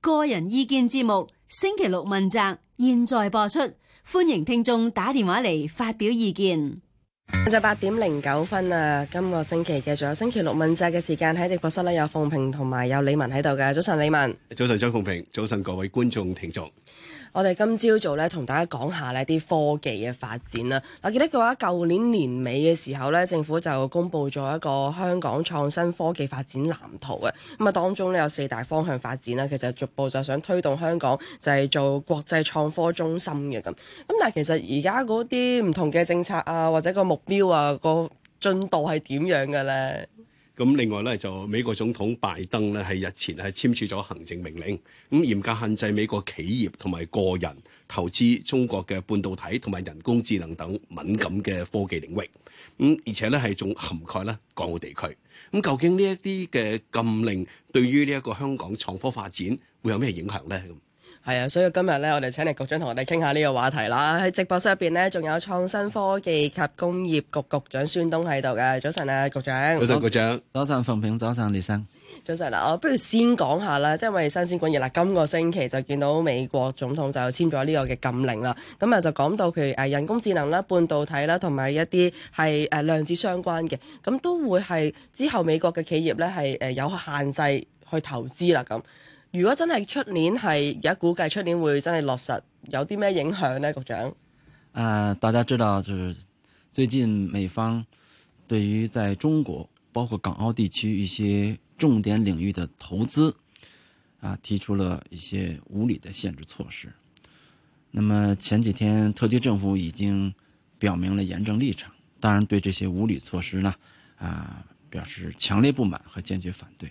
個人意見節目星期六問責，現在播出，歡迎聽眾打電話嚟發表意見。就八點零九分啊，今個星期嘅仲有星期六問責嘅時間，喺直播室呢，有鳳平同埋有李文喺度嘅。早晨，李文。早晨，張鳳平。早晨，各位觀眾聽眾。我哋今朝早咧，同大家講下呢啲科技嘅發展啦。嗱，記得佢話，舊年年尾嘅時候咧，政府就公布咗一個香港創新科技發展藍圖啊。咁啊，當中咧有四大方向發展啦，其實逐步就想推動香港就係做國際創科中心嘅咁。咁但係其實而家嗰啲唔同嘅政策啊，或者個目標啊，個進度係點樣嘅咧？咁另外咧就美國總統拜登咧係日前係簽署咗行政命令，咁嚴格限制美國企業同埋個人投資中國嘅半導體同埋人工智能等敏感嘅科技領域，咁而且咧係仲涵蓋咧港澳地區，咁究竟呢一啲嘅禁令對於呢一個香港創科發展會有咩影響咧？係啊，所以今日咧，我哋請嚟局長同我哋傾下呢個話題啦。喺直播室入邊咧，仲有創新科技及工業局局,局長孫東喺度嘅。早晨啊，局長。早晨，局長。早晨，馮平。早晨，李生。早晨嗱、啊，我不如先講一下講下啦，即係因為新鮮滾熱啦。今個星期就見到美國總統就簽咗呢個嘅禁令啦。咁啊就講到譬如誒人工智能啦、半導體啦，同埋一啲係誒量子相關嘅，咁都會係之後美國嘅企業咧係誒有限制去投資啦咁。如果真係出年係而家估計出年會真係落實，有啲咩影響呢？局長？啊、呃，大家知道，就是最近美方對於在中國包括港澳地區一些重點領域的投資，啊、呃，提出了一些無理的限制措施。那麼前幾天特區政府已經表明了嚴正立場，當然對這些無理措施呢，啊、呃，表示強烈不滿和堅決反對。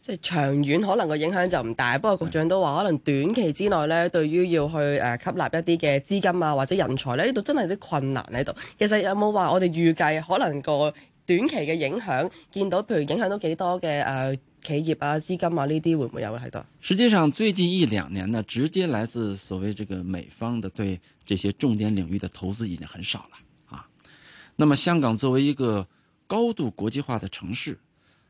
即係長遠可能個影響就唔大，不過局長都話可能短期之內咧，對於要去誒吸納一啲嘅資金啊或者人才咧，呢度真係啲困難喺度。其實有冇話我哋預計可能個短期嘅影響，見到譬如影響到幾多嘅誒、呃、企業啊、資金啊呢啲會唔會有喺度？實際上最近一兩年呢，直接來自所謂這個美方嘅對這些重點領域嘅投資已經很少了啊。那麼香港作為一個高度國際化的城市。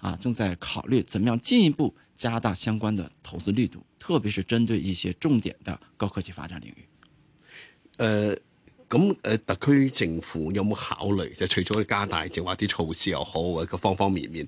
啊，正在考慮怎麼樣進一步加大相關的投資力度，特別是針對一些重點的高科技發展領域。誒、呃，咁誒、呃，特區政府有冇考慮？就除咗加大淨話啲措施又好，或個方方面面。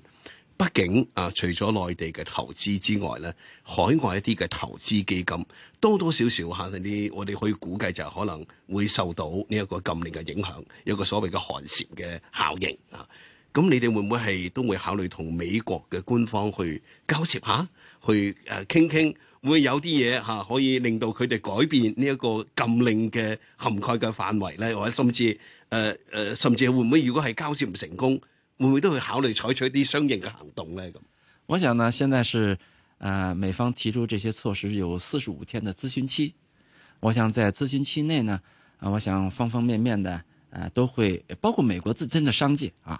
畢竟啊，除咗內地嘅投資之外咧，海外一啲嘅投資基金多多少少吓啲，我哋可以估計就可能會受到呢一個禁令嘅影響，有個所謂嘅寒蟬嘅效應啊。咁你哋會唔會係都會考慮同美國嘅官方去交涉下去，誒傾傾，會有啲嘢嚇可以令到佢哋改變呢一個禁令嘅涵蓋嘅範圍咧，或者甚至誒誒、呃呃，甚至會唔會如果係交涉唔成功，會唔會都會考慮採取啲相應嘅行動咧？咁我想呢，現在是啊、呃，美方提出這些措施有四十五天嘅諮詢期，我想在諮詢期內呢，啊、呃，我想方方面面嘅啊、呃、都會包括美國自身嘅商界啊。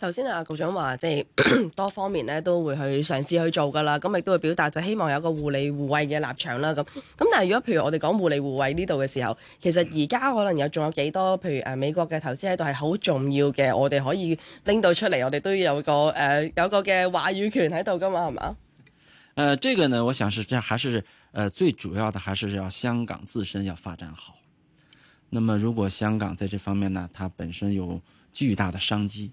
頭先啊，局長話即係多方面咧都會去嘗試去做噶啦，咁亦都會表達就希望有一個互利互惠嘅立場啦。咁咁但係如果譬如我哋講互利互惠呢度嘅時候，其實而家可能有仲有幾多譬如誒、啊、美國嘅投資喺度係好重要嘅，我哋可以拎到出嚟，我哋都要有個誒、呃、有個嘅話語權喺度噶嘛，係嘛？誒、呃，這個呢，我想是，這還是誒、呃、最主要的，還是要香港自身要發展好。那麼如果香港在這方面呢，它本身有巨大的商機。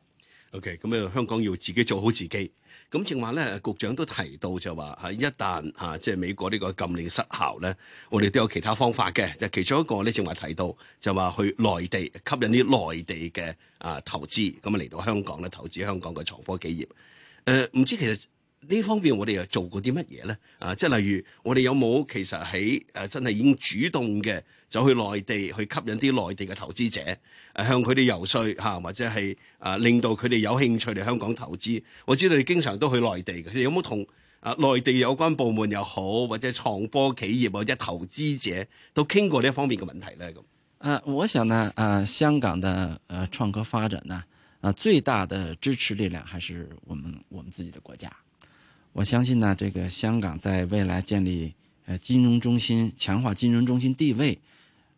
OK，咁香港要自己做好自己。咁正話咧，局長都提到就話一旦，啊、即係美國呢個禁令失效咧，我哋都有其他方法嘅。就其中一個咧，正話提到就話去內地吸引啲內地嘅啊投資，咁啊嚟到香港咧投資香港嘅創科企業。誒、啊，唔知其實呢方面我哋又做過啲乜嘢咧？啊，即係例如我哋有冇其實喺、啊、真係已經主動嘅？走去內地去吸引啲內地嘅投資者，誒向佢哋游説吓，或者係誒令到佢哋有興趣嚟香港投資。我知道你經常都去內地嘅，有冇同啊內地有關部門又好，或者創科企業或者投資者都傾過呢一方面嘅問題咧？咁啊、呃，我想呢啊、呃、香港嘅誒創科發展呢啊、呃、最大嘅支持力量，還是我們我們自己嘅國家。我相信呢，這個香港在未來建立誒、呃、金融中心，強化金融中心地位。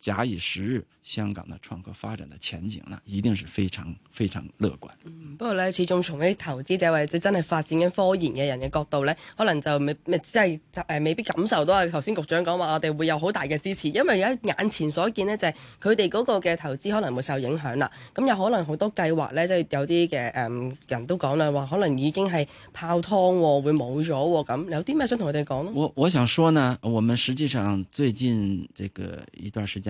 假以時日，香港嘅創科發展嘅前景呢，一定是非常非常樂觀、嗯。不過呢，始終從啲投資者或者真係發展緊科研嘅人嘅角度呢，可能就未未即係誒、呃，未必感受到啊。頭先局長講話，我哋會有好大嘅支持，因為而家眼前所見呢，就係佢哋嗰個嘅投資可能會受影響啦。咁有可能好多計劃呢，即係有啲嘅誒人都講啦，話可能已經係泡湯、哦，會冇咗咁。咁有啲咩想同佢哋講？我我想說呢，我們實際上最近這個一段時間。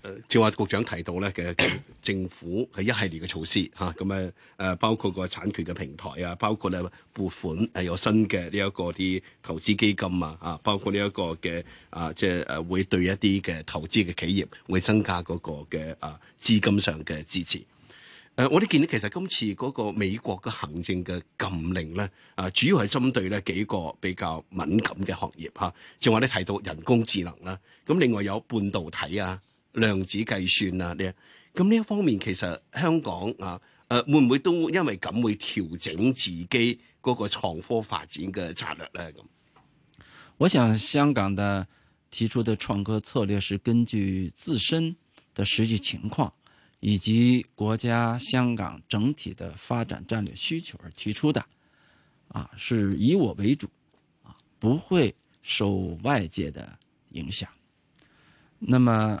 誒，正話、呃，局長提到咧嘅 政府係一系列嘅措施咁、啊、包括個產權嘅平台啊，包括咧撥款有新嘅呢一個啲投資基金啊，啊，包括呢一個嘅啊，即係誒會對一啲嘅投資嘅企業會增加嗰個嘅啊資金上嘅支持。啊、我哋見到其實今次嗰個美國嘅行政嘅禁令咧，啊，主要係針對咧幾個比較敏感嘅行業嚇。正話你提到人工智能啦，咁另外有半導體啊。量子計算啊，呢咁呢一方面其實香港啊，誒、呃、會唔會都因為咁會調整自己嗰個創科發展嘅策略呢？咁，我想香港嘅提出的創科策略是根據自身嘅實際情況，以及國家香港整體嘅發展戰略需求而提出的。啊，是以我為主，不會受外界嘅影響。那麼。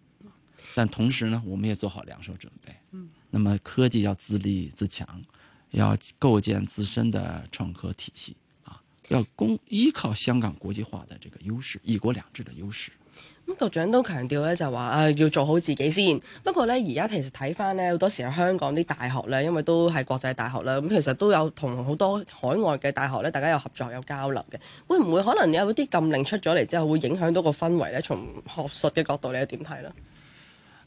但同時呢，我們也做好兩手準備。嗯，那麼科技要自立自強，要構建自身的創科體系啊，要公依靠香港國際化的這個優勢，一國兩制的優勢。咁局、嗯嗯、長都強調咧，就話誒、呃、要做好自己先。不過咧，而家其實睇翻咧，好多時候香港啲大學咧，因為都係國際大學啦，咁其實都有同好多海外嘅大學咧，大家有合作有交流嘅，會唔會可能有一啲禁令出咗嚟之後，會影響到個氛圍咧？從學術嘅角度，你又點睇啦？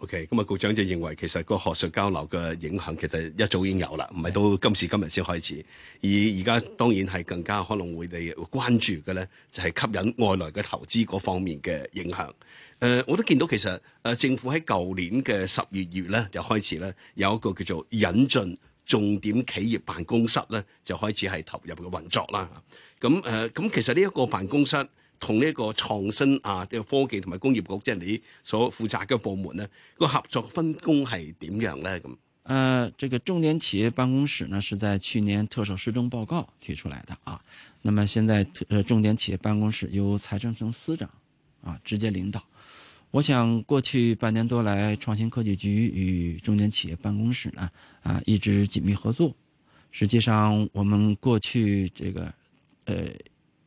OK，咁啊，局長就認為其實個學術交流嘅影響其實一早已經有啦，唔係到今時今日先開始。而而家當然係更加可能會哋關注嘅咧，就係吸引外來嘅投資嗰方面嘅影響。誒、呃，我都見到其實誒政府喺舊年嘅十二月咧就開始咧有一個叫做引進重點企業辦公室咧，就開始係投入嘅運作啦。咁、呃、誒，咁其實呢一個辦公室。同呢個創新啊科技同埋工業局，即係你所負責嘅部門呢個合作分工係點樣呢？咁誒、呃，這個重點企業辦公室呢，是在去年特首施政報告提出來嘅啊。那麼現在，重點企業辦公室由財政司司長啊直接領導。我想過去半年多來，創新科技局與重點企業辦公室呢，啊，一直緊密合作。實際上，我哋過去這個誒。呃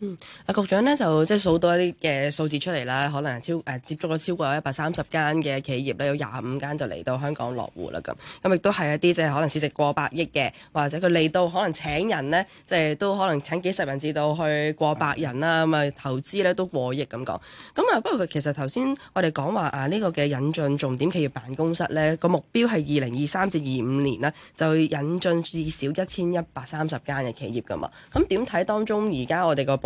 嗯，阿局長咧就即係數多一啲嘅數字出嚟啦，可能超誒、啊、接觸咗超過一百三十間嘅企業咧，有廿五間就嚟到香港落戶啦咁，咁亦都係一啲即係可能市值過百億嘅，或者佢嚟到可能請人咧，即係都可能請幾十人至到去過百人啦，咁啊投資咧都過億咁講，咁啊不過佢其實頭先我哋講話啊呢、呢個嘅引進重點企業辦公室咧個目標係二零二三至二五年咧就引進至少一千一百三十間嘅企業噶嘛，咁點睇當中而家我哋個？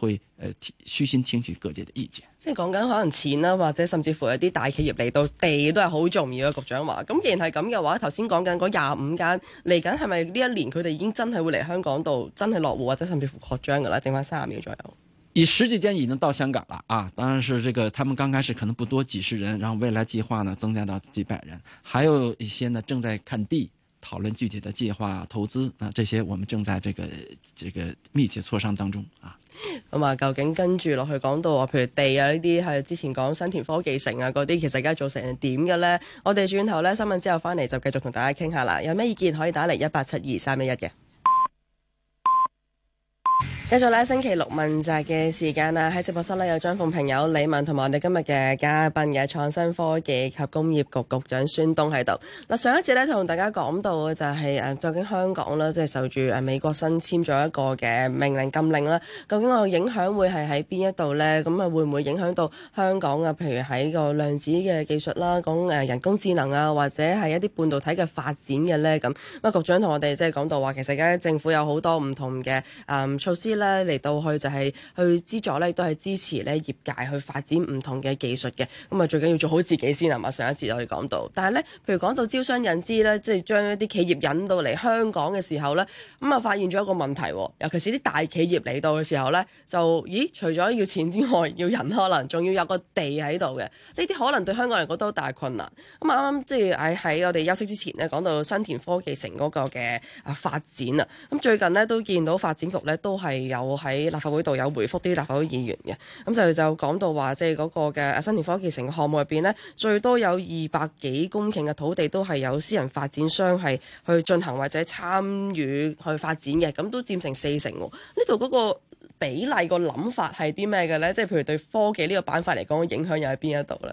會誒、呃，虛心聽取各界的意見。即係講緊可能錢啦、啊，或者甚至乎有啲大企業嚟到地都係好重要嘅，局長話。咁既然係咁嘅話，頭先講緊嗰廿五間嚟緊係咪呢一年佢哋已經真係會嚟香港度真係落戶或者甚至乎擴張噶啦？剩翻三十秒左右。而十幾間已經到香港啦，啊，當然是這個，他們剛開始可能不多幾十人，然後未來計劃呢增加到幾百人，還有一些呢正在看地。討論具體的計劃投資啊，這些我們正在這個這個密切磋商當中啊。咁啊、嗯，究竟跟住落去講到啊，譬如地啊呢啲係之前講新田科技城啊嗰啲，其實而家做成點嘅呢？我哋轉頭呢，新聞之後翻嚟就繼續同大家傾下啦。有咩意見可以打嚟一八七二三一一嘅。繼續咧，星期六問責嘅時間啦，喺直播室咧有張鳳平友、有李文同埋我哋今日嘅嘉賓嘅創新科技及工業局局長孫東喺度。嗱，上一次咧同大家講到嘅就係、誒、究竟香港啦，即、就、係、是、受住美國新簽咗一個嘅命令禁令啦，究竟個影響會係喺邊一度咧？咁啊，會唔會影響到香港啊？譬如喺個量子嘅技術啦，講人工智能啊，或者係一啲半導體嘅發展嘅咧？咁咁啊，局長同我哋即係講到話，其實而家政府有好多唔同嘅、嗯、措施。咧嚟到去就係去資助咧，都係支持咧業界去發展唔同嘅技術嘅。咁啊，最緊要做好自己先係嘛！上一節我哋講到，但係咧，譬如講到招商引資咧，即係將一啲企業引到嚟香港嘅時候咧，咁啊發現咗一個問題、哦，尤其是啲大企業嚟到嘅時候咧，就咦，除咗要錢之外，要人可能仲要有個地喺度嘅。呢啲可能對香港嚟講都好大困難。咁啱啱即係喺喺我哋休息之前咧，講到新田科技城嗰個嘅啊發展啊，咁最近咧都見到發展局咧都係。有喺立法會度有回覆啲立法會議員嘅，咁就就講到話，即係嗰個嘅新田科技城項目入邊呢，最多有二百幾公頃嘅土地都係有私人發展商係去進行或者參與去發展嘅，咁都佔成四成哦。呢度嗰個比例個諗法係啲咩嘅呢？即係譬如對科技呢個板塊嚟講，影響又喺邊一度呢？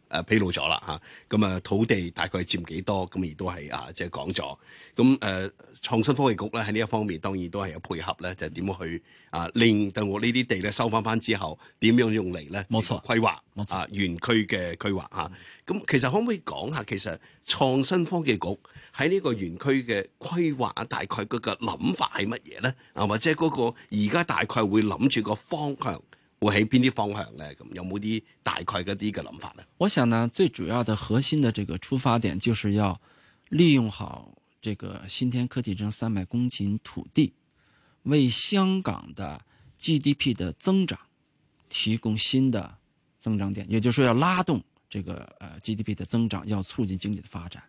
誒披露咗啦嚇，咁啊土地大概佔幾多？咁亦都係啊即係講咗。咁誒、呃、創新科技局咧喺呢一方面當然都係有配合咧，就點、係、樣去啊令到我呢啲地咧收翻翻之後點樣用嚟咧？冇錯規劃，冇錯啊園區嘅規劃嚇。咁錯、啊啊、其實可唔可以講下其實創新科技局喺呢個園區嘅規劃大概個個諗法係乜嘢咧？啊或者嗰個而家大概會諗住個方向？會喺邊啲方向呢？咁有冇啲大概嗰啲嘅諗法呢？我想呢，最主要的核心的這個出發點，就是要利用好這個新田科技城三百公頃土地，為香港的 GDP 的增長提供新的增長點，也就是說要拉動這個呃 GDP 的增長，要促進經濟的發展。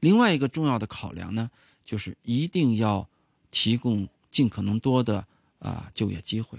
另外一個重要的考量呢，就是一定要提供盡可能多的啊就業機會。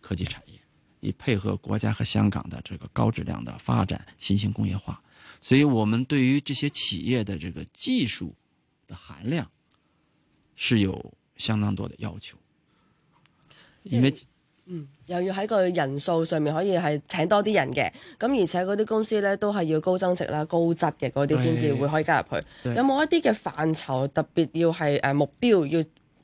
科技產業，以配合國家和香港的這個高質量的發展，新型工業化，所以我們對於這些企業的這個技術的含量是有相當多的要求。是因為嗯，又要喺個人數上面可以係請多啲人嘅，咁而且嗰啲公司咧都係要高增值啦，高質嘅嗰啲先至會可以加入去。有冇一啲嘅範疇特別要係誒、呃、目標要？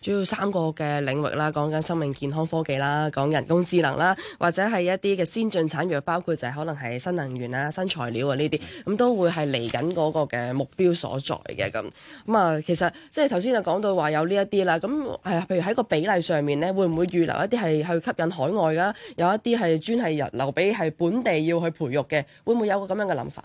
主要三個嘅領域啦，講緊生命健康科技啦，講人工智能啦，或者係一啲嘅先進產業，包括就係可能係新能源啦、新材料啊呢啲，咁都會係嚟緊嗰個嘅目標所在嘅咁咁啊。其實即係頭先就講到話有呢一啲啦，咁係啊，譬如喺個比例上面咧，會唔會預留一啲係去吸引海外噶？有一啲係專係人留俾係本地要去培育嘅，會唔會有個咁樣嘅諗法？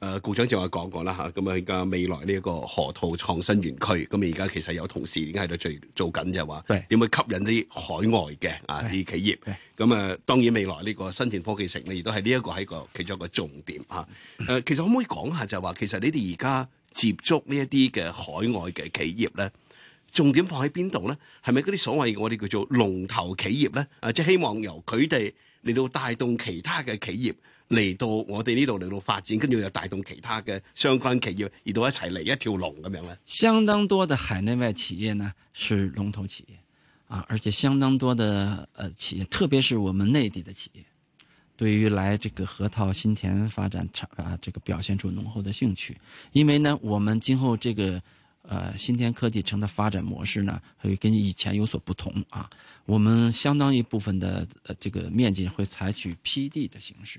誒，局長正話講過啦嚇，咁啊，而家未來呢一個河套創新園區，咁啊，而家其實有同事已經喺度做做緊，就話點去吸引啲海外嘅啊啲企業。咁啊，當然未來呢個新田科技城咧，亦都係呢一個係一個其中一個重點嚇。誒、嗯，其實可唔可以講下就話，其實你哋而家接觸呢一啲嘅海外嘅企業咧，重點放喺邊度咧？係咪嗰啲所謂的我哋叫做龍頭企業咧？啊，即係希望由佢哋嚟到帶動其他嘅企業。嚟到我哋呢度嚟到發展，跟住又帶動其他嘅相關企業，移到一齊嚟一條龍咁樣咧。相當多的海內外企業呢，是龍頭企業啊，而且相當多的呃企業，特別是我們內地嘅企業，對於來這個河套新田發展城啊、呃，這個表現出濃厚的興趣。因為呢，我們今後這個呃新田科技城嘅發展模式呢，會跟以前有所不同啊。我們相當一部分的呃這個面積會採取批地的形式。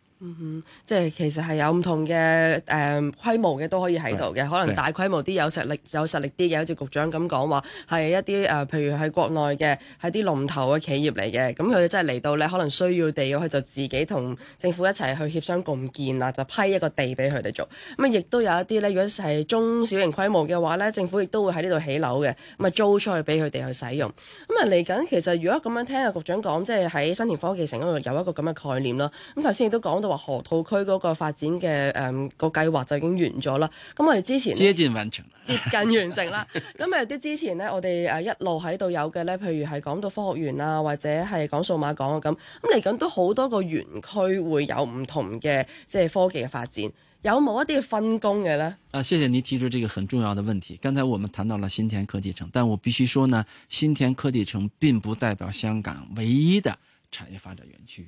嗯哼，即係其實係有唔同嘅誒、呃、規模嘅都可以喺度嘅，的可能大規模啲有實力、有實力啲嘅，好似局長咁講話，係一啲誒、呃，譬如喺國內嘅，喺啲龍頭嘅企業嚟嘅，咁佢哋真係嚟到咧，可能需要地，佢就自己同政府一齊去協商共建啦，就批一個地俾佢哋做。咁啊，亦都有一啲咧，如果係中小型規模嘅話咧，政府亦都會喺呢度起樓嘅，咁啊租出去俾佢哋去使用。咁啊，嚟緊其實如果咁樣聽阿局長講，即係喺新田科技城嗰度有一個咁嘅概念咯。咁頭先亦都講到。河套區嗰個發展嘅誒、嗯那個計劃就已經完咗啦，咁我哋之前接近完成，接近完成啦。咁誒，啲之前咧，我哋誒一路喺度有嘅咧，譬如係講到科學園啊，或者係講數碼港啊咁，咁嚟緊都好多個園區會有唔同嘅即係科技嘅發展，有冇一啲分工嘅咧？啊，謝謝你提出這個很重要的問題。剛才我們談到了新田科技城，但我必須說呢，新田科技城並不代表香港唯一的產業發展園區。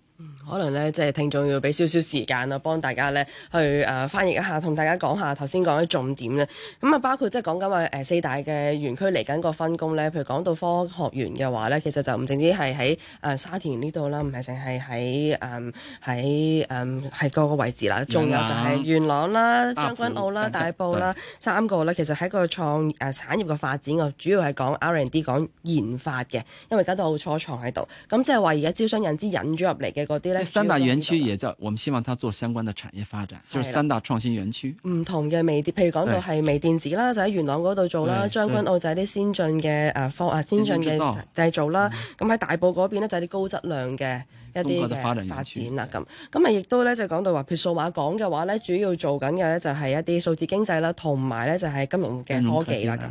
可能咧，即係聽眾要俾少少時間啊，幫大家咧去誒、呃、翻譯一下，同大家講下頭先講嘅重點咧。咁啊，包括即係講緊話四大嘅園區嚟緊個分工咧，譬如講到科學園嘅話咧，其實就唔淨止係喺沙田呢度啦，唔係淨係喺誒喺誒各個位置啦。仲 Yeah. 有就係元朗啦、將軍埔澳啦、埔大埔啦對三個咧，其實喺個創誒、呃、產業嘅發展我主要係講 R&D 講講研發嘅，因為而家都好初創喺度。咁即係話而家招商引資引咗入嚟嘅。嗰啲咧，呢三大園區，也就我們希望佢做相關的產業發展，的就三大創新園區，唔同嘅微電，譬如講到係微電子啦，對就喺元朗嗰度做啦；將軍澳就係啲先進嘅誒科啊，先進嘅製造啦。咁喺、嗯、大埔嗰邊咧，就係啲高質量嘅一啲嘅發展啦。咁咁啊，亦對都咧就講到說說的話，譬如數碼港嘅話咧，主要做緊嘅咧就係一啲數字經濟啦，同埋咧就係金融嘅科技啦。咁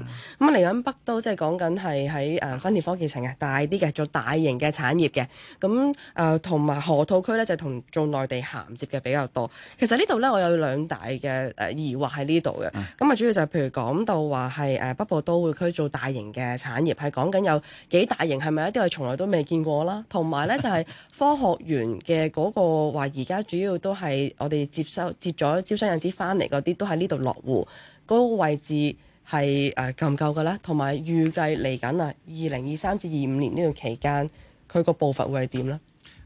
咁嚟緊北都即係講緊係喺誒新田科技城啊，大啲嘅做大型嘅產業嘅。咁誒同埋。呃河套區咧就同、是、做內地銜接嘅比較多。其實這裡呢度咧，我有兩大嘅誒疑惑喺呢度嘅咁啊，呃、主要就係譬如講到話係誒北部都會區做大型嘅產業，係講緊有幾大型，係咪一啲我從來都未見過啦？同埋咧就係、是、科學園嘅嗰個話，而家主要都係我哋接收接咗招商引資翻嚟嗰啲，都喺呢度落戶嗰、那個位置係誒、呃、夠唔夠嘅咧？同埋預計嚟緊啊，二零二三至二五年呢段期間，佢個步伐會係點咧？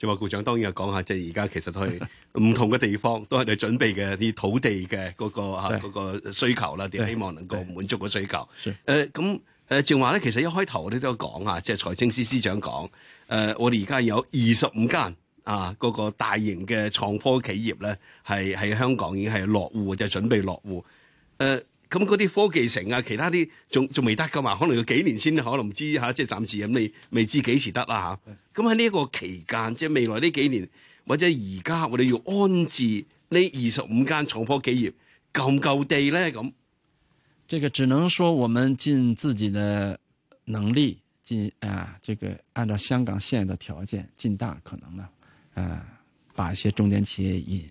正話局長當然係講下，即係而家其實都係唔同嘅地方， 都係你準備嘅啲土地嘅嗰、嗰個嚇對、啊嗰個、需求啦，點對希望能夠滿足個需求。誒咁誒，正話咧，其實一開頭我哋都有講啊，即係財政司司長講，誒、呃、我哋而家有二十五間啊、嗰個大型嘅創科企業咧，係喺香港已經係落戶或者、就係、準備落戶誒。呃咁嗰啲科技城啊，其他啲仲仲，仲未得噶嘛，可能要幾年先，可能唔知嚇，即係暫時咁未未知幾時得啦嚇。咁喺呢一個期間，即係未來呢幾年或者而家，我哋要安置呢二十五間創科企業夠唔夠地咧？咁，呢個只能說，我們盡自己嘅能力，盡啊，這個按照香港現有的條件，盡大可能啦，啊，把一些重點企業引。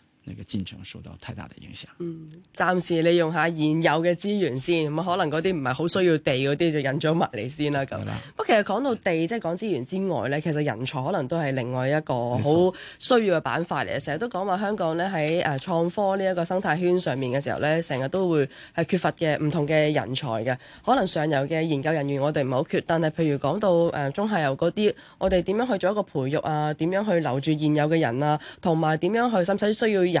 個進程受到太大的影響。嗯，暫時利用下現有嘅資源先，咁可能嗰啲唔係好需要地嗰啲就引咗埋嚟先啦。咁了，啦，不過其實講到地即係講資源之外咧，其實人才可能都係另外一個好需要嘅板塊嚟。嘅錯。成日都講話香港咧喺誒創科呢一個生態圈上面嘅時候咧，成日都會係缺乏嘅唔同嘅人才嘅。可能上游嘅研究人員我哋唔係好缺，但係譬如講到誒、呃、中下游嗰啲，我哋點樣去做一個培育啊？點樣去留住現有嘅人啊？同埋點樣去，使唔使需要人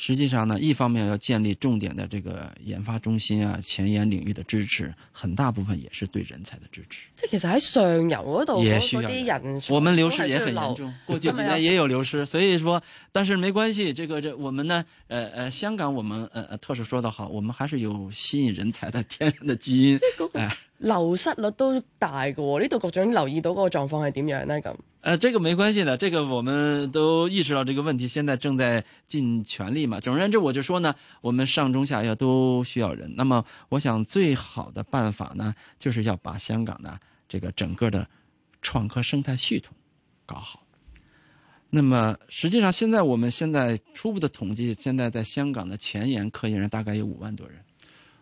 實際上呢，一方面要建立重點的這個研發中心啊，前沿領域的支持，很大部分也是對人才的支持。這其實喺上游嗰度，嗰嗰啲人，我們流失也很嚴重，去過去幾年也有流失。是是所以說，但是沒關係，這個這我們呢，呃呃，香港我們呃特首說得好，我們還是有吸引人才的天然的基因，哎、那個。呃流失率都大嘅喎，呢度局長留意到嗰個狀況係點樣咧？咁誒、呃，這個沒關係的，這個我們都意識到這個問題，現在正在盡全力嘛。總而言之我就說呢，我們上中下要都需要人。那麼我想最好的辦法呢，就是要把香港呢這個整個的創科生態系統搞好。那麼實際上，現在我們現在初步的統計，現在在香港的前沿科研人，大概有五萬多人。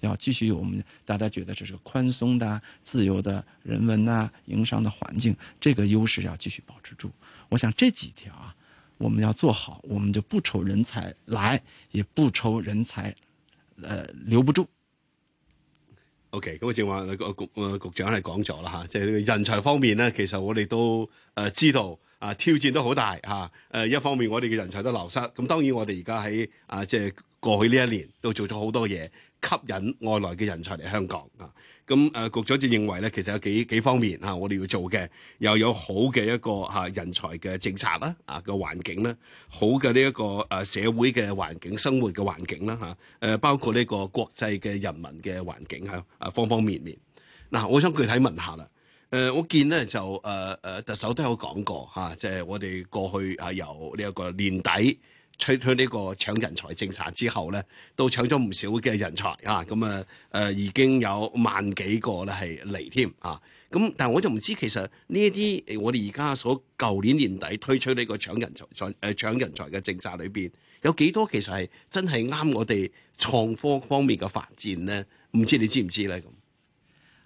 要繼續，我們大家覺得這是寬鬆的、自由的人文呐、啊、營商的環境，這個優勢要繼續保持住。我想這幾條啊，我們要做好，我們就不愁人才來，也不愁人才，呃、留不住。OK，咁啊正話，局局長係講咗啦吓，即係人才方面呢，其實我哋都知道啊挑戰都好大吓。一方面我哋嘅人才都流失，咁當然我哋而家喺啊即係過去呢一年都做咗好多嘢。吸引外來嘅人才嚟香港啊！咁誒，局長就認為咧，其實有幾幾方面啊，我哋要做嘅，又有，有好嘅一個嚇人才嘅政策啦，啊個環境咧，好嘅呢一個誒社會嘅環境、生活嘅環境啦嚇，誒、啊、包括呢個國際嘅人民嘅環境啊，啊方方面面。嗱、啊，我想具體問下啦，誒、啊、我見咧就誒誒、啊、特首都有講過嚇，即、啊、係、就是、我哋過去啊由呢一個年底。推推呢個搶人才政策之後咧，都搶咗唔少嘅人才啊！咁啊，誒、啊啊、已經有萬幾個咧係嚟添啊！咁、啊、但係我就唔知其實呢一啲我哋而家所舊年年底推出呢個搶人才、搶、啊、誒搶人才嘅政策裏邊，有幾多其實係真係啱我哋創科方面嘅發展咧？唔知你知唔知咧？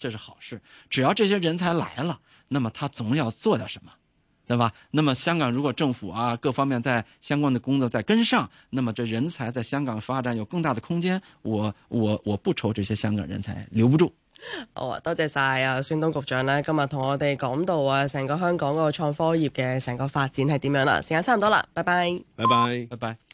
這是好事，只要這些人才來了，那麼他總要做點什麼，對吧？那麼香港如果政府啊各方面在相關的工作在跟上，那麼這人才在香港發展有更大的空間，我我我不愁這些香港人才留不住。好啊、哦，多謝晒啊，孫東局長呢今日同我哋講到啊，成個香港個創科業嘅成個發展係點樣啦，時間差唔多啦，拜拜，拜拜，拜拜。拜拜